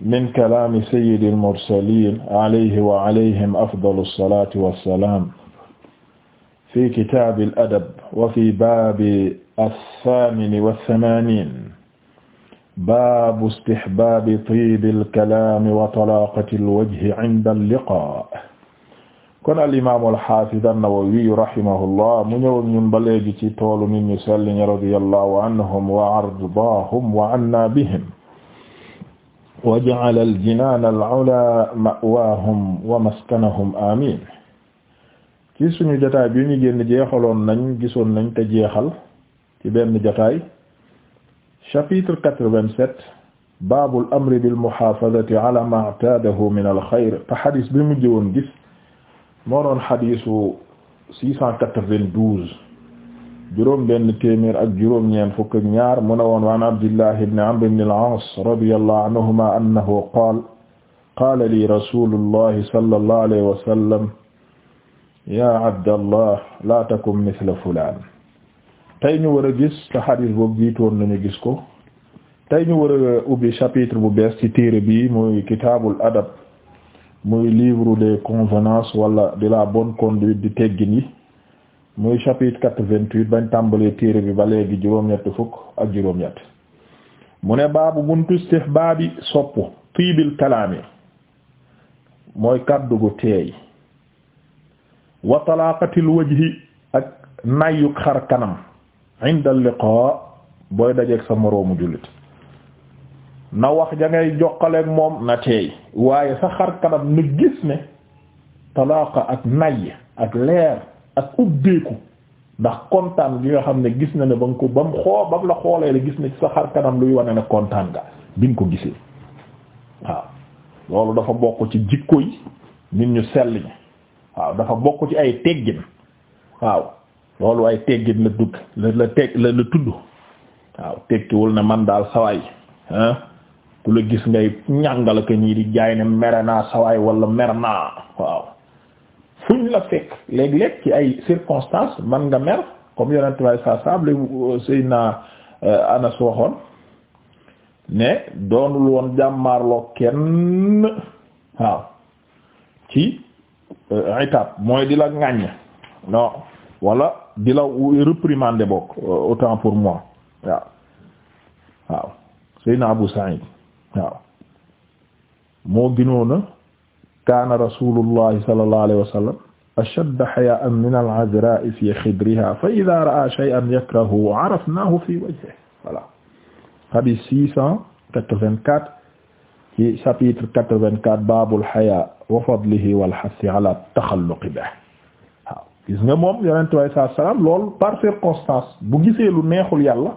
min kalaami sayyidil mursaliin alayhi wa alayhim afdalu salaati wa salaam fi kitaabil adab wa fi baabi assaamini wa samaaniin baabu istihbaabi tiibil kalaami wa talaaqatil wajhi indal liqaa. kon al imaam al xaafid an-Nawawi rahimahullah mu ñëw ñun ba léegi ci toolu nit ñu sell ñi radiyallahu anhum wa ardaahum wa annaa bihim wa ja'ala al-jinaana al-'ulaa ma'waahum wa maskanahum amiin ci suñu jotaay bi ñu génn jeexaloon nañ gisoon nañ te jeexal ci benn jotaay chapitre quatre-vingt-sept baabul amri bil muhaafazati ala maa i'taadahu min al-xayr te xadis bi mujj woon gis moo doon xadisu six cent quatre-vingt-douze juróom benn téeméer ak juróom ñeent fukk ak ñaar mu ne woon waan abdillah ibn amr ibn al-aas radiyallahu anhuma annahu qaal qaala li rasulullahi sallallahu alayhi wa sallam ya abdallah la takun mithla fulaan tey ñu war a gis te xadis boobu jiitoon nañu gis ko tey ñu war a ubbi chapitre bu bees ci téere bi muy kitaabul adab muy livre des convenances wala de la bonne conduite di teggin yi muy chapitre quatre-vingt-huit bañ tàmbalee téere bi ba léegi juróom-ñett fukk ak juróom-ñett mu ne baabu buntu istihbaabi soppu tiibil kalaami mooy kàddugu gu teey wa talaaqatil ak nayu xar kanam inda liqaa booy dajeeg sa moroomu jullit na wax ja ngay jokkaleeg moom na teey waaye sa xar kanam na gis ne talaaqa ak nay ak leer ak ubbeeku ndax kontaan gi nga xam ne gis na ne ba nga ko ba mu xool ba mu la xoolee la gis na ci sa xar kanam luy wane ne kontaan ga bi nga ko gisee waaw loolu dafa bokk ci jikko yi nit ñu sell ñi waaw dafa bokk ci ay teggin waaw loolu ay teggin la dugg la la teg la la tudd waaw tekkiwul ne man daal sawaay ah ku la gis ngay ñàngala ko ñii di jaay ne mere naa sawaay wala mer naa waaw fu ñu la fekk léeg-léeg ci ay circonstances man nga mer comme yonent way sa sable Seydina euh, Anas waxoon ne doonul woon jàmmaarloo kenn waaw ci itab euh, mooy di la ŋàññ non wala di la réprimander bokk euh, autant pour moi waaw waaw Seydina Abu Sa'id waaw moo gënoona kaana rasulullahi sallallahu alayhi wa sallam ashadda hayaa'an min al-'azraa'i fi khidrihaa fa idhaa ra'aa shay'an yakrahuhu 'arafnaahu fii wajhihi voilà hadith six cent quatre-vingt-quatre ci chapitre quatre-vingt-quatre baabul hayaa' wa fadlihi wal hassi 'alaa at-taxalluqi bihi waaw gis nga moom yonent bi sallallahu alayhi wa sallam lool par circonstance bu gisee lu neexul yàlla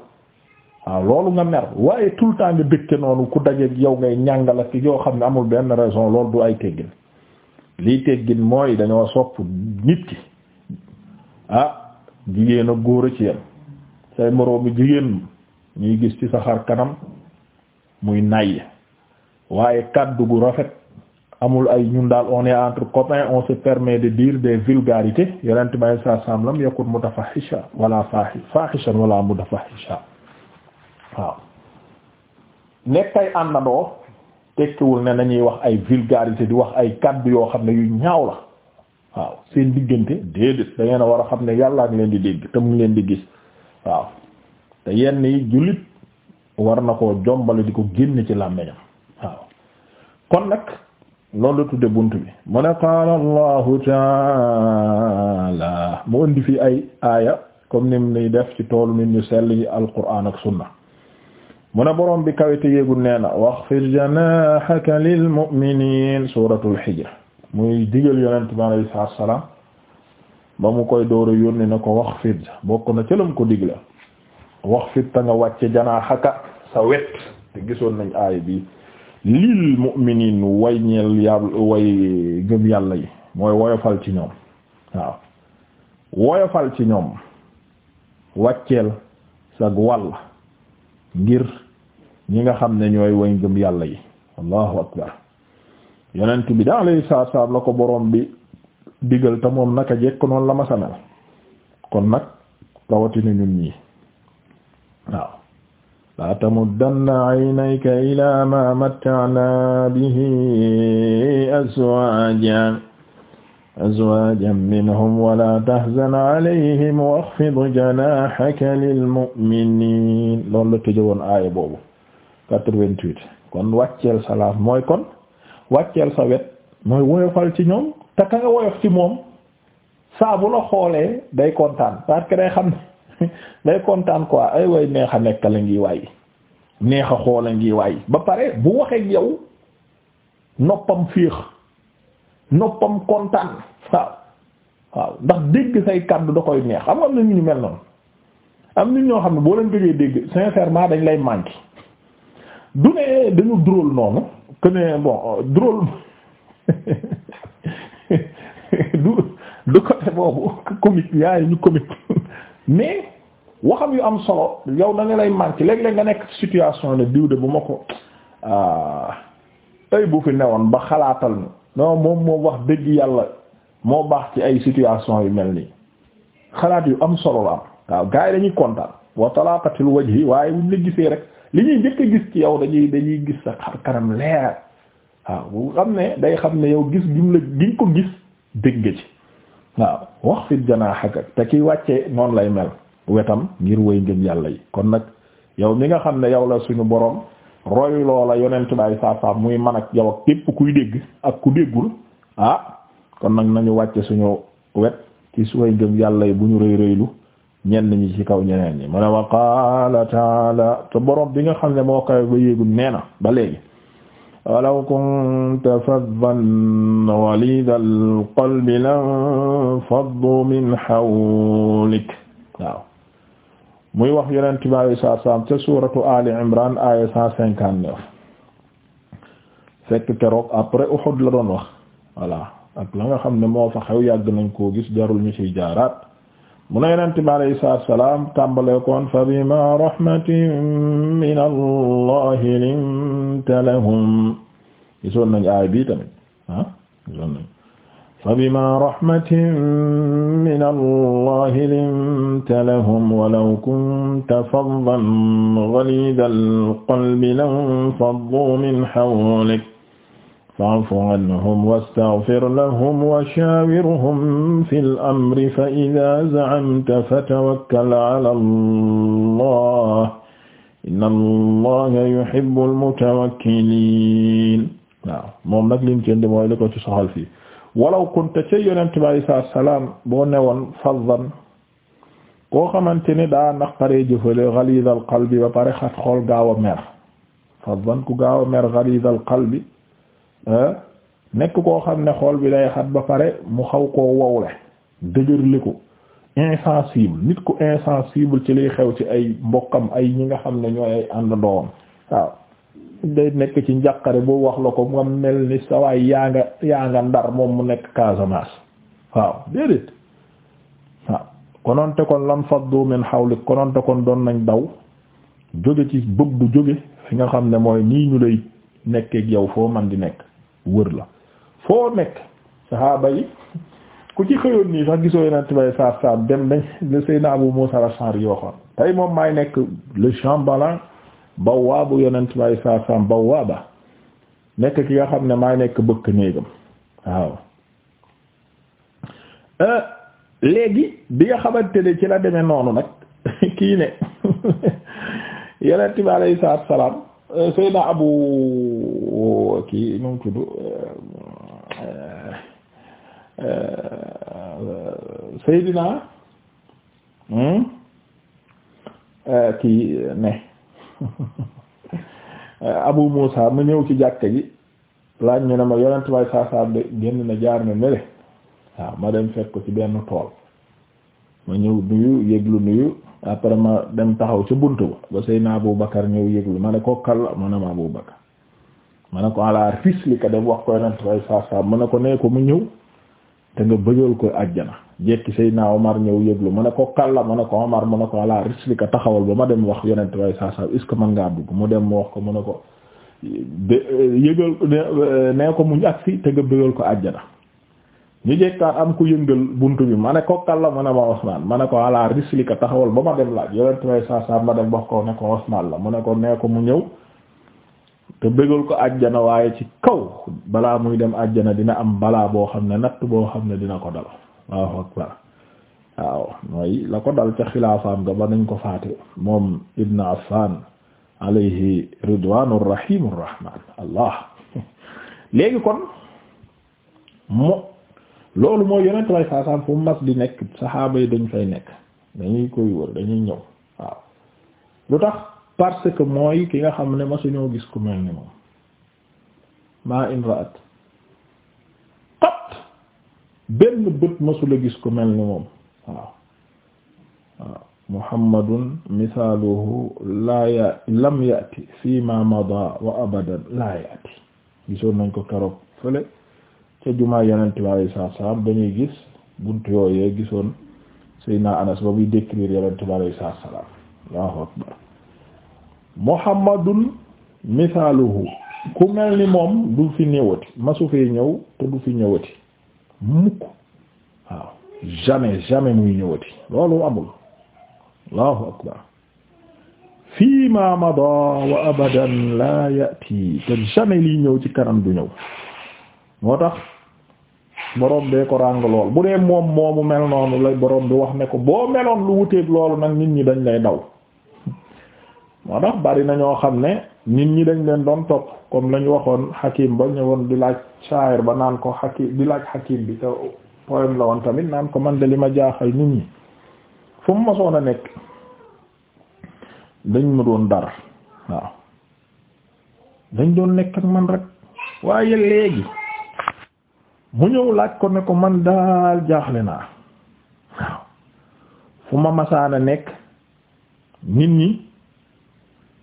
waaw loolu nga mer waaye tout le temps nga dëkke noonu ku dajeeg yow ngay ñàngala ki yoo xam ne amul benn raison loolu du ay teggin lii teggin mooy dañoo sopp nit ki ah jigéen ak góor a ci yam say moroomi jigéen ñuy gis ci sa xar kanam muy nay waaye kàddu gu rafet amul ay ñun daal on est entre copains on se permet de dire des vulgarités yonent may sa samlam yakun mutafahisha wala fahi fahishan wala mutafahisha waaw nekk ay àndandoo tekkiwul ne nañuy wax ay vulgarité di wax ay kàddu yoo xam ne yu ñaaw la waaw seen diggante déedéet da a war a xam ne yàlla ak leen di dégg te mu leen di gis waaw te yenn yi jullit war na ko jombale di ko génne ci làmmiñam waaw kon nag loolu la tudde bunt bi mu ne qaala allahu taala mu indi fi ay aaya comme ni mu def ci toolu nit ñu sell yi alquran ak sunna mu ne boroom bi kawe te yéegul nee na waxfir janaahaka lil mu'miniin suuratul Hijr muy digal yonent bi alayhi sa salaam ba mu koy door a yónni na ko waxfir bokk na cëlam ko digla waxfir ta nga wàcce janaahaka sa wet te gisoon nañ aay bi lil mu'miniin way ñeel yàlla way gëm yàlla yi mooy woyofal ci ñoom waaw woyofal ci ñoom wàcceel sa wàll ngir ñi nga xam ne ñooy way ngëm yàlla yi allahu akbar yonent bi da alayhi salaatu la ko boroom bi digal te moom naka jekk noonu la ma sanal kon nag rawatina ñun ñii waaw laa tamuddanna aynayka ila ma matta'na bihi azwaajan azwaajan minhum wa laa tahzan alayhim waxfid janaahaka lilmu'miniin loolu la tëjee woon aaya boobu 88 kon wàcceel sa laaf mooy kon wàcceel sa wet mooy woyofal ci ñoom te ka nga woyof ci moom saa la xoolee day kontaan parce que day xam ne day kontaan quoi ay way neex a nekk la ngi waay neex a xoola ngi waay ba pare bu waxee yow noppam féex. noppam kontaan waaw waaw ndax dégg say kàddu da koy neex am am na ñu mel noonu am nit ñoo xam ne boo leen gëjee dégg sincèrement dañ lay manqué du ne dañu drôle noonu que ne bon drôle du du côté boobu comique yaay ñu comique mais waxam yu am solo yow da nga lay manqué léeg-léeg nga nekk situation ne diw de bu ma ko ay ah, bu fi newoon ba xalaatal non moom moom wax dëgg yàlla moo baax ci ay situation yu mel nii xalaat yu am solo la am waaw gars yi dañuy kontaan wa talaqatil wajhi waaye buñ la gisee rek li ñuy njëkk gis ci yow dañuy dañuy gis sa xar kanam leer waaw bu xam ne day xam ne yow gis gim la gi nga ko gis dégg nga ci waaw wax fit janaaxaka te ki wàccee noonu lay mel wetam ngir wéy ngëm yàlla yi kon nag yow mi nga xam ne yow la suñu boroom roy loola yonent baay saab saab muy man ak yow képp kuy dégg ak ku déggul ah kon nag nañu wàcce suñu wet ci suway gëm yàlla yi bu ñu rëy rëylu ñenn ñi ci kaw ñeneen yi mu a wa qaala taala te borom bi nga xam ne moo kawe ba yéegul nee na ba léegi walaw kunta faddan walidal qalbi lan faddu min hawlik waaw muy wax yonent bi alayhi salaatu salaam ca suuratu Ali Imran aaya cent cinquante neuf fekk keroog après Uhud la doon wax voilà ak la nga xam ne moo fa xew yàgg nañ koo gis jarul ñu ciy jaaraat mu ne yonent bi alayhi salaam tàmbale koon fa bima rahmatin min allahi linta lahum gisoon nañ aay bi tamit ah فبما رحمة من الله لنت لهم ولو كنت فظا غليظ القلب لانفضوا من حولك فاعف عنهم واستغفر لهم وشاورهم في الأمر فإذا زعمت فتوكل على الله إن الله يحب المتوكلين waaw moom nag liñ ci indi mooy li ko ci soxal fii walaw kunta ca yonent bi alayhi salaatu salaam boo newoon faddan koo xamante ne daa naqaree jëfale ghalidal qalbi ba pare xat xol gaaw a mer faddan ku gaaw a mer ghalidal qalbi eh, nekk koo xam ne xool bi day xat ba pare mu xaw koo wowle dëgërli ko insensible nit ku insensible ci liy xew ci ay mbokkam ay ñi nga xam ne ñooy ay ànd doom waaw day nekk ci njàqare boo wax la ko mu mel ni sa yaa nga yaa nga ndar moom mu nekk Casamance waaw déedéet waaw kononte kon lan faddu min hawlik kononte kon doon nañ daw jóge ci bëgg du jóge fi nga xam ne mooy nii ñu lay nekkeek yow foo man di nekk wër la foo nekk saxaaba yi ku ci xëyoon nii sax gisoo yeneen tibay saar saar dem dañ le Seydina Abu Musa al-Ash'ari yi waxoon tey moom maay nekk le chambellan bawwaabu yonent bi alayhi salaatu salaam nekk ki nga xam ne maa nekk bëkk néegam waaw euh, léegi bi nga xamante ne ci la demee noonu nag kii ne yonent bi alayhi salaatu salaam euh, Seydina Abu kii nu mu euh, Seydina hmm, kii ne Abu Muusa ma ñëw ci jàkka ji laaj ñu ne ma yonent bay saasaam de génn na jaar na nele waaw ma dem fekk ko ci benn tool ma ñëw nuyu yëglu nuyu après ma dem taxaw ci bunt ba ba Seydina Abu Bakar ñëw yëglu ma ne ko kal la ma ne ma Abu Bakar ma ne ko alaar fis li ka dem wax ko yonent bay saasaam ma ne ko nee ko mu ñëw te nga bëjal ko àjjana jekki Seydina Omar ñëw yëglu ma ne ko kalla ma ne ko Omar mu ne ko ala rislika taxawal ba ma dem wax yonent way saa saa est ce dem mu wax ko mu ne ko yëgal nee ko mu ak si te nga bëggal ko àjjana ñu am ku yëngal buntu bi ma ne ko kalla mu ne ma Usmaan ma ne ko ala rislika taxawal ba ma dem laaj yonent way saa ma dem wax ko ne ko Usmaan la mu ne ko nee ko mu ñëw te bëggal ko àjjana waaye ci kaw balaa muy dem àjjana dina am balaa boo xam ne natt boo xam ne dina ko dal waaw akbar waaw mooy la ko dal ca xilaafaam ga ba nañ ko faate moom Ibn Affan alayhi ridwanur rahimur rahman allah léegi kon mo loolu mooy yonent way saasaam fu mas di nekk saxaaba yi dañ fay nekk dañuy koy wër dañuy ñëw waaw lu tax parce que mooy ki nga xam ne ma suñoo gis ku mel ni moom maa imraat benn bët masula gis ku mel ni moom waaw waaw muhammadun misaaluhu laa ya lam yati fi ma mada wa abadan laa yati gisoon nañ ko keroog fële ca jumaa yonente bi alayhi salaatu salaam dañuy gis buntu yooyee gisoon Seydina Anas ba muy décrire yonente bi alayhi salaatu salaam Allahu akbar muhammadun misaaluhu ku mel ni moom du fi ñëwati masu fee ñëw te du fi ñëwati mukk waaw jamais jamais muy ñëwati loolu amul allahu akbar fii ma mada wa abadan la yati te jamais liy ñëw ci kanam du ñëw moo tax borom bee ko ràng lool bu dee moom moomu mel noonu la borom bi wax ne ko boo meloon lu wuteeg loolu nag nit ñi dañ lay daw moo tax bari na ñoo xam ne nit ñi dañ leen doon topp comme lañ waxoon Hakim ba ñëwoon di laaj shaayir ba naan ko Hakim di laaj Hakim bi te poème la woon tamit naan ko man de li ma jaaxal nit ñi fu mu mosoon a nekk dañ ma doon dar waaw dañ doon nekk ak man rek waaye léegi mu ñëw laaj ko ne ko man daal jaaxle naa fu ma a nekk nit ñi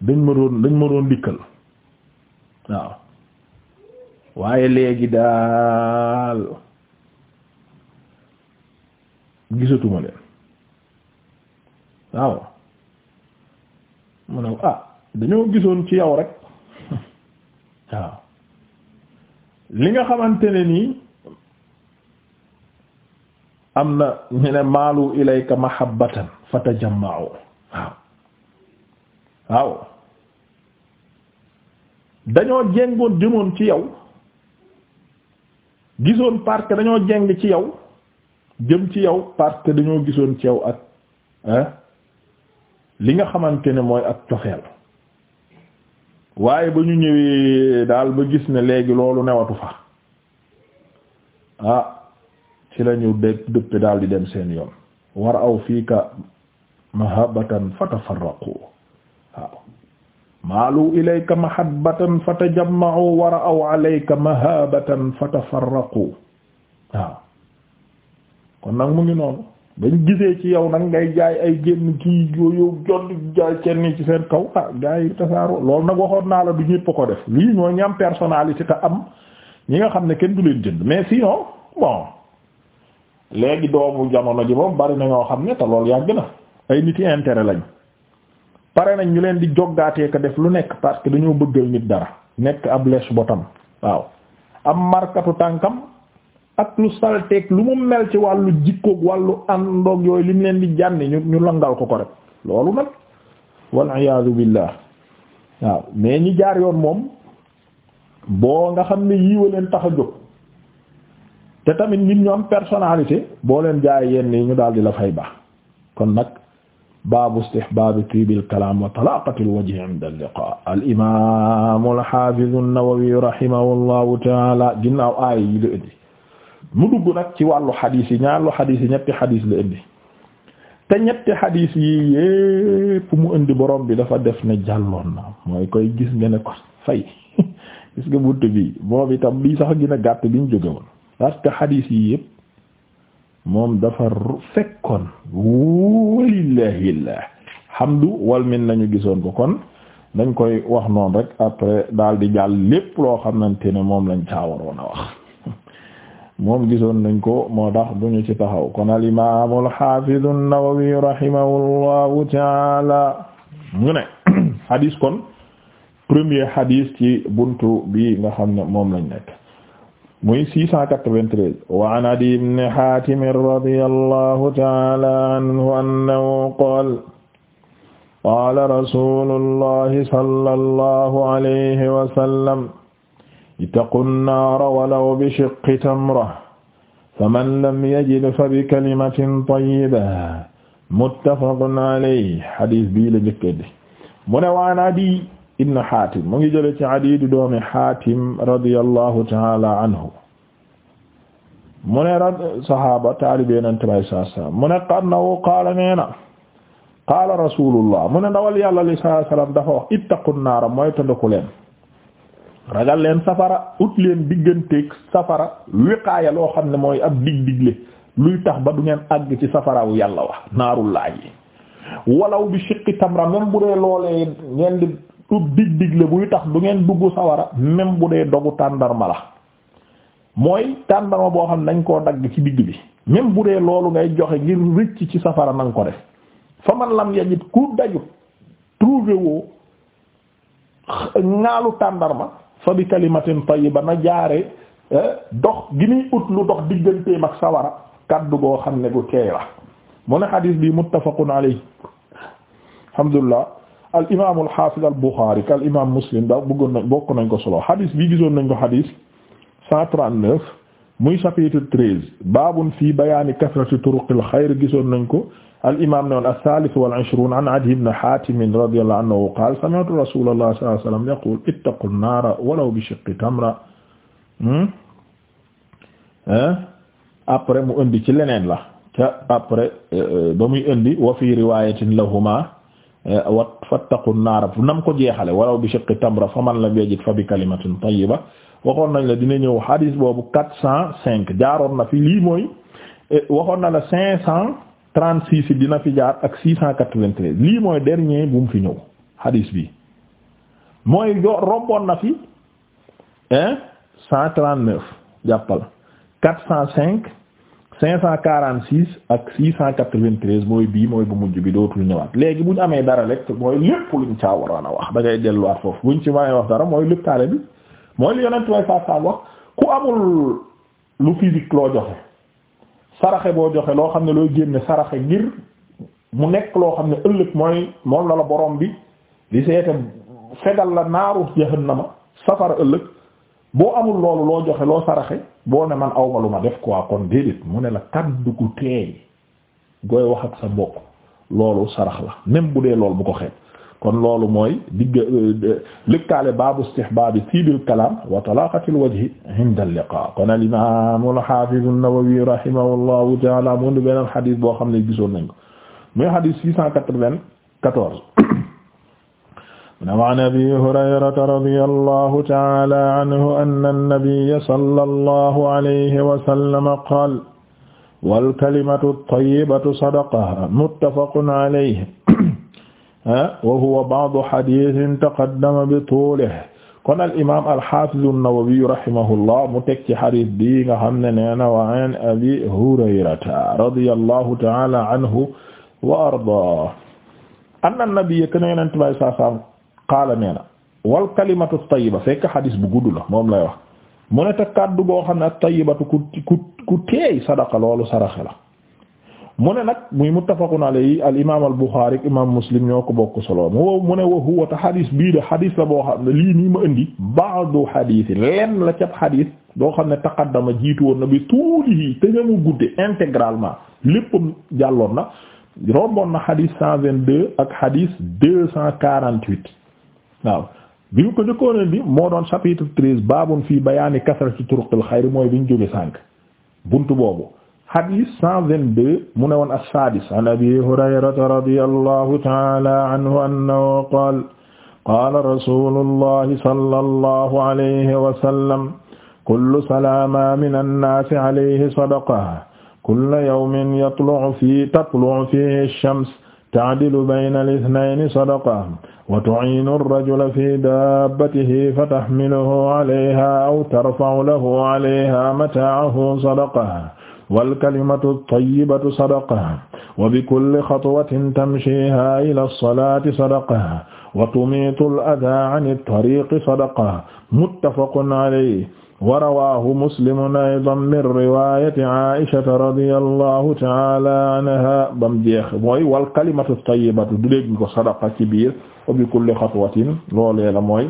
dañ ma doon dañ ma doon dikkal waaw waaye léegi daal gisatuma leen waaw mu ne ah dañoo gisoon ci yow rek waaw li nga xamante ne nii am na ñu ne maalu ilayka mahabbatan fatajamma'u waaw waaw dañoo jéngoon jëmoon ci yow gisoon park dañoo jéng ci yow jëm ci yow parce dañoo gisoon ci yaw ak li nga xamante ne mooy ak cofeel waaye ba ñu ñëwee daal ba gis ne léegi loolu newatu fa ah ci lañu dëpp dëppe di dem seen yoon war aw fii ka mahabatan fatafarraqu waaw maalu ilayka mahabbatan fatajamma'u wa ra'aw alayka mahabatan fatafarraqu waaw kon nag mu ngi noonu bañ gisee ci yow nag ngay jaay ay génn kii yooyu jot jaay kenn ci seen kaw ah gars yi tasaaroo loolu nag waxoon naa la du ñëpp ko def lii ñoo ñi am personnalité am ñi nga xam ne kenn du leen jënd mais sinon bon léegi doomu jamono ji moom bari na ñoo xam ne te loolu yàgg na ay nit intere intérêt lañ pare nañ ñu leen di joggaatee ko def lu nekk parce que dañoo bëggal nit dara nekk ab lèche botam waaw am markatu tànkam ak lu salteeg lu mu mel ci wàllu jikkoog wàllu àndoog yooyu lim leen di jànni ñu ñu langal ko ko rek loolu nag wal iyaadu billah waaw mais ñi jaar yoon moom boo nga xam ne yiiwa leen tax a jóg te tamit nit ñu am personnalité boo leen jaay yenn yi ñu daal di la fay baax kon nag baabu istihbaabi tiibil kalaam wa talaaqatil wajhi inda liqaa al imaam al haafiz an-Nawawi rahimahullahu taala ginnaaw la indi mu dugg nag ci wàllu xadis yi ñaar lu xadis yi ñetti xadis la indi te ñetti xadis yi yépp mu indi borom bi dafa def na jàlloon na mooy koy gis nga ne ko fay gis nga bunt bi bi tam bii sax gën a gàtt bi ñu jóge woon parce que yi yépp moom dafa fekkoon walillahil hamdu wal min nañu gisoon ko kon dañ koy wax noonu rek après daal di jàll lépp loo xam xamante ne moom lañ caawaroon a wax moom gisoon nañ ko moo tax duñu ci taxaw kon al imaamu al xaafidu an-Nawawi rahimahullahu taala mu ne hadis kon premier hadis ci buntu bi nga xam ne moom lañ nekk muy 693 wa an Adiy ibn Hatim radiyallahu ta'ala anhu annahu qaala qaala rasulullahi sallallahu alayhi wa sallam ittaqu nnaara walaw bishiqqi tamra faman lam yajid fabikalimatin tayyibatin muttafaqun alayhi hadis bii la njëkk di mu ne wa an Adiy ibn Hatim mu ngi jële ci Adiy di doomi d radiyallahu ta'ala anhu mu ne rad sahaaba taalibe nan tibay saa saa mu ne qarnawu qaala neena qaala rasulullah mu ne ndawal yàlla li saa salaam dafa wax ittaqun naara mooy tëndaku leen ragal leen safara ut leen digganteeg safara wiqaaya loo xam ne mooy ab dig digle luy tax ba du ngeen àgg ci safaraawu yàlla wax naarul laaj yi bi shiqqi tamra même bu dee loolee ngeen ub dig dig la buy tax du ngeen dugg sawara même bu dee dogu tàndarma la mooy tàndarma boo xam ne dañ koo dagg ci digg bi même bu dee loolu ngay joxe ngir rëcc ci safara na ko def fa man lam yajit ku dajut trouvé woo ŋaalu tàndarma fa bi kalimatin tayyiba na jaare eh, dox gi muy ut lu dox digganteem ak sawara kaddu goo xam ne gu teey la mu ne xadiis naa muttafaqun alayhi alhamdulillah al imaam al xaafid al buxaari ak al imaam muslim da bëggoon nañ bokk nañ ko solo xadis bi gisoon nañ ko xadis 139 muy chapitre 13 baabun fii bayaani kasrati turuqil xayr gisoon nañ ko al imaam noon as-saalis wal ishruun an Adiy ibn Haatim radiyallaahu anhu qaala sami'tu rasuulallaahi sallallaahu alayhi wa sallam yaquulu ittaqu naara walaw bi shiqqi tamra hmm? eh? après mu indi ci leneen la ca après euh, ba muy indi wa fii riwaayatin lahumaa Eh, wat fattaqu naara nam ko jeexale walaw bi shiqqi tamra fa man lam yajid fa bi kalimatin tayyiba waxoon nañ la dina ñëw hadis boobu quatre cent cinq jaaroon na fi lii mooy eh, waxoon na la cinq cent trente six dina fi jaar ak six cent quatre mooy dernier bu mu fi ñëw hadis bi mooy romboon na fi eh, cent trente neuf jàppal quatre cent cinq cinq cent quarante six ak six cent quatre vingt treize mooy bii mooy bu mujj bi dootul ñëwaat léegi bu ñu amee dara rek mooy lépp luñ caa waroon a wax da ngay delluwaat foofu buñ ci mënee wax dara mooy lépp taale bi mooy li yonent way saa saa wax ku amul lu physique loo joxe saraxe boo joxe loo xam ne looy génne saraxe ngir mu nekk loo xam ne ëllëg mooy moom la la borom bi di seete fegal la naaru na ma safara ëllëg boo amul loolu loo joxe loo saraxe boo ne man awma lu ma def quoi kon déedéet mu ne la kaddu gu teey gooy wax ak sa mbokk loolu sarax la même bu dee loolu bu ko xeet kon loolu mooy digg euh, lëkkaale baabu istihbaabi tiibil kalaam wa talaaqatil wajhi inda al-liqaa kon al imaam al-haafiz an-Nawawi rahimahullahu ta'ala mu ngi beneen xadis boo xam ne gisoon nañ ko muy xadis six cent quatre-vingt-quatorze an abi hurayrata radiyallahu ta'ala anhu anna an-nabiyya sallallahu alayhi wa sallam qaala wal kalimatu at-tayyibatu sadaqa muttafaqun alayhi wa huwa ba'du hadiithin taqaddama bi tuulihi kon al imaam al haafiz an-Nawawi rahimahullah mu teg ci hadiis bi nga xam ne nee na wa an abi hurayrata radiyallahu ta'ala anhu wa ardaahu anna an-nabiyya qaala nee na wal kalimatu tayyiba fekk xadis bu gudd la moom lay wax mu ne te kàddu boo xam ne ak tayyibatu ku ku ku teey sadaqa loolu saraxe la mu ne nag muy muttafaqun alayhi al imaam al buxaari imaam muslim ñoo ko bokk solo mu mu ne wa huwa te xadis bii de xadis la boo xam ne lii nii ma indi ba'du xadis lenn la cab xadis doo xam ne taqaddama jiitu woon na bi tuulihi te ñamu gudde intégralement léppam jàlloon na romboon na xadis 122 ak xadis 248 waaw bi ñu ko njëkkoon indi moo doon chapitre treize baabun fii bayaani kasrati turuqil xayri mooy bi ñu jóge sànq buntu boobu hadith cent vingt-deux mu ne woon as-sadis an abi hurayrata radiyallahu ta'ala anhu annahu qaala qaala rasulullahi sallallahu alayhi wa sallam kullu salama min annaasi alayhi sadaqa kulla yawmin yatlu'u fii tatlu'u fiihi ash-shams ta'dilu bayna al-ithnayni sadaqatan wa tu'inu ar-rajula fi dabbatihi fatahmiluhu 'alayha aw tarfa'u lahu 'alayha mata'ahu sadaqatan wal-kalimatu at-tayyibatu sadaqatan wa bikulli khatwatin tamshiha ila as-salati sadaqatan wa tumitu al-adha 'ani at-tariqi sadaqatan muttafaqun 'alayhi wa rawaahu muslimun aydan min riwaayati Aïshata radiyallahu ta'ala anha bam jeex mooy wal kalimatu tayyibatu du dégg ko sadaqa ci biir wa bi kulli xatwatin loolee la mooy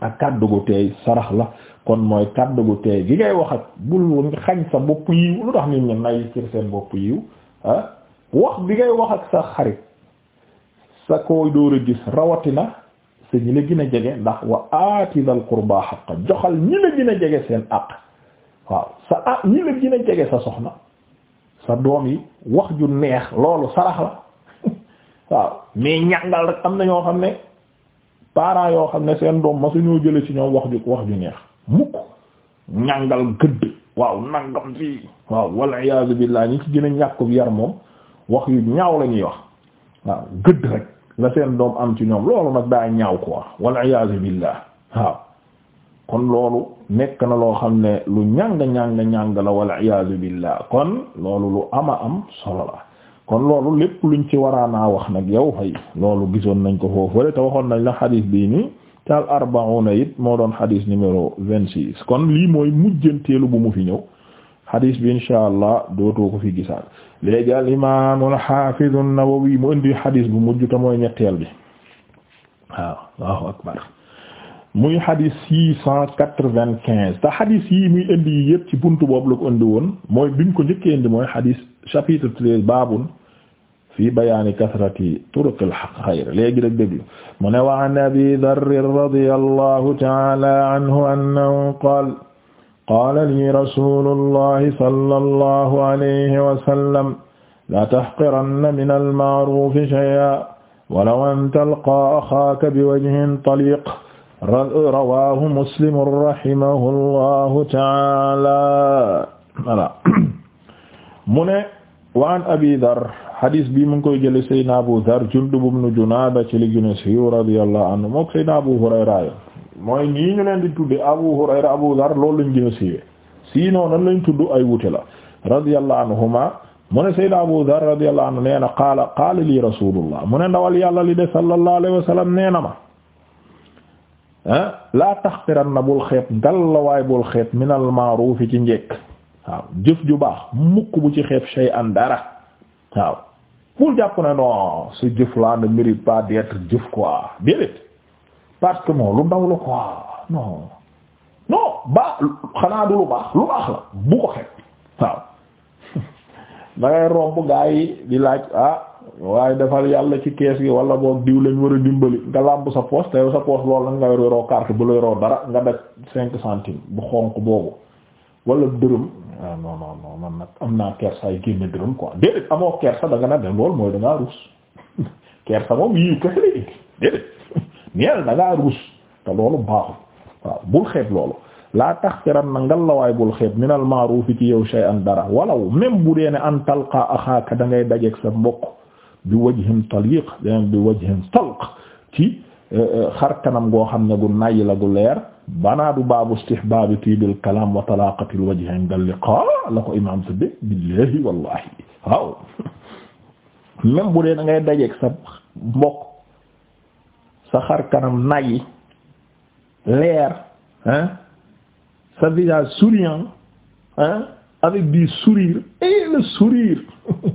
ak kàddu gu teey sarax la kon mooy kàddu gu teey gi ngay wax ak bul xañ sa bopp yiw lu tax nit ñi nay ci seen bopp yiw ah wax bi ngay wax ak sa xarit sa koy dóor a gis rawatina. te ñi la gin a jege ndax wa aati dal qurba xaqa joxal ñi la gën a jege seen àq waaw sa ah ñi la gën a jege sa soxna sa doom yi wax ju neex loolu sarax la waaw mais ñàngal rek am na ñoo xam ne parents yoo xam ne seen doom ma su ñoo jële ci ñoom wax ju wax ju neex mukk ñàngal gëdd waaw nangam fii waaw wal iyaazu billaah ñi ci gën a ñàkk yar moom wax yu ñaaw la ñuy wax waaw gëdd rek la seen doom am ci ñoom loolu nag daa ñaaw quoi wal iyaazu billah waaw kon loolu nekk na loo xam ne lu ñàng ñàng ñàng la wal iyaazu billah kon loolu lu ama am solo la kon loolu lépp luñ ci waraanaa wax nag yow fay loolu gisoon nañ ko foofu wala te waxoon nañ la xadiis bii nii taal arbauna it moo doon xadiis numéro vingt six kon lii mooy mujjanteelu bu mu fi ñëw hadis bi insha allah dootoo ko fi gisaat léegi al imam al hafiz an-Nawawi mu indi hadis bu mujj ta mooy ñetteel bi waaw Allahu akbar muy hadis six cent quatre-vingt-quinze te hadis yi muy indi yi yëpp ci buntu boobu la ko indi woon mooy bi mu ko njëkkee indi mooy hadis chapitre treize babun fi bayaani kasrati turuqil xayr léegi rek déglu mu ne wa an Abi Dharr radiyallahu ta'ala anhu annahu qaala qaala lii rasulullahi sallallahu alayhi wa sallam laa tahqiranna min almaaruufi shay'an walaw an talqaa axaaka biwajhin taliq rawaahu muslim rahimahu llahu taala voilà mu ne wa an abi dar hadis bi mu ngi koy jële saydna abou dar Jundub ibn Junaada ci li gën a siiw radiyallahu anhu mook saydna abou Hurayra mooy ñii ñu leen di tudde Abu Hurayra Abu Dhar loolu lañ gën a siiwee sinon nan lañ tudd ay wute la radiyallahu anhuma mu ne Seydina Abu Dhar radiyallahu anhu nee na qaala qaala li rasulullah mu ne ndawal yàlla li de sallallahu alayhi wa sallam nee na ma ah laa taxqiranna bul xeet ngallawaay bul xeet minal ma'ruufi ci njekk waaw jëf ju baax mukk bu ci xeet shay'an dara waaw bul jàpp ne non ce jëf là ne mérite pas d'être jëf quoi déedéet parce que non lu ndaw la quoi non non baax xanaa du lu baax lu baax la bu ko xet waaw da ngay romb gaa yi di laaj ah waaye defal yàlla ci kees gi wala boog diw lañ war a dimbali nga làmb sa poche te sa poche lool la nga yor yoroo carte bu la yoroo dara nga def cinq centimes bu xonq boobu wala dërëm ah non non non nag am naa kersa ay génne dërëm quoi déedéet amoo kersa da nga na dem loolu mooy da ngaa ruus kersa moom yii kese déedéet. ñeel da ngaa ruus loolu baaxul bul xeeb loolu laa taxtiran na ngallawaay bul xeeb minal ma'rufi ci yow shay'an dara walaw même bu an talqa axaaka da ngay dajeeg sa mbokk bi wajhin taliq bi wajhin talq ci euh, euh, xar kanam goo xam ne gu nay la gu leer banaadu baabu istihbaabi tiibil kalaam wa talaaqatil wajhi inda liqaa la bu dee da ngay dajeeg sa sa xar kanam nayi leer hein sa visage souriant hein avec du sourire et le sourire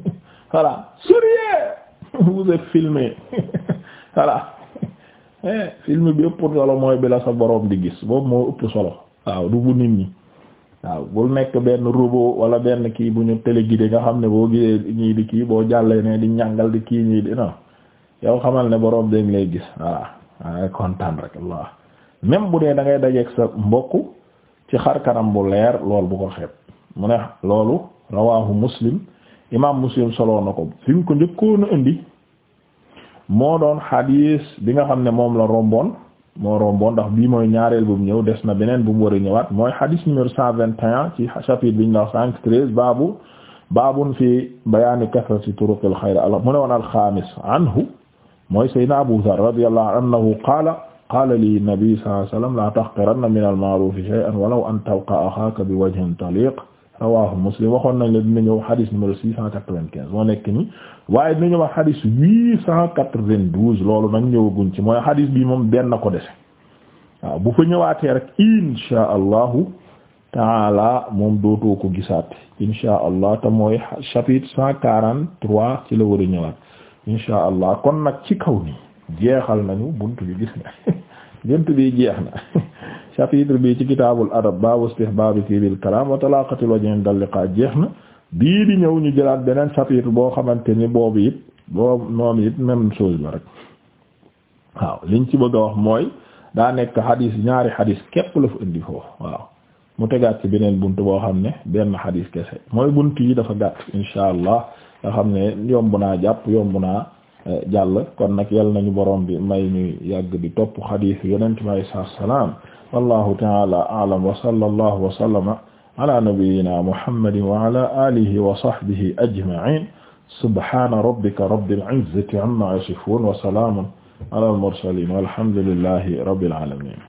voilà souriez vous êtes filmé voilà eh, film bi ëpp solo mooy bi la sa borom di gis boobu moo ëpp solo waaw du bu nit ñi waaw bul nekk benn robot wala benn kii bu ñu téléguidé nga xam ne boo gisee ñii di kii boo jàllee ne di ñàngal di kii ñii di non yow xamal ne borom dañ lay gis voilà dangay kontaan rek Allah bu dee da ngay dajeeg sa mbokk ci xar kanam bu leer lool bu ko xeeb mu ne loolu rawaahu muslim imaam muslim soloo na ko fi mu ko njëkkoon a doon xadiis bi nga xam ne moom la romboon moo romboon ndax bii mooy ñaareel bu ñëw des na beneen bu mu war a ñëwaat mooy xadiis numéro cent vingt et ci chapitre bi ñu la cinq treize baabu baabun fi bayaani kasrati turuqil xayr mu ne woon alxaamis anhu mooy sayyidina Abu Dharr radiyallahu anhu qaala qaala li nabi sallallahu alayhi wasallam la tahqiranna min al-ma'ruf shay'an walaw an talqa axaaka bi wajhin taliq rawahu Muslim waxoon nañ la dina ñëw xadis numéro six cent quatre-vingt-quinze moo nekk ni waaye dina ñëw xadis huit cent quatre-vingt-douze loolu nag ñëwaguñ ci mooy xadis bi moom benn ko dese waaw bu fa ñëwaatee rek insha allahu taala moom dootoo ko gisaat insha allah te mooy chapitre cent quarante-trois ci la war a ñëwaat insha allah kon nag ci kaw nii jeexal nañu bunt bi gis na buntu bi jeex na chapitre bii ci kitaabul adab baabu istihbaabi tiibil kalaam wa talaaqatil wajhin dal liqaa jeex na bii di ñëw ñu jëlaat beneen chapitre boo xamante ni boobu it boobu moom it même chose la rek waaw liñ ci bëgg a wax mooy daa nekk xadis ñaari xadis képp la fa indi foofu waaw mu tegaat ci beneen bunt boo xam ne benn xadis kese mooy bunt yi dafa gàtt insha allah nga xam ne yomb naa jàpp yomb naa eh, jàll kon nag yal nañu borom bi may ñuy yàgg di topp xadiis yonent bi alayhi salaatu salaam wallahu ta'ala a'lam wa sallallahu wa sallama ala nabiyyina muhammadin wa ala alihi wa sahbihi ajma'in subhana rabbika rabbil izzati amma yasifun wa salamun ala al mursalin walhamdulillahi rabbil alamin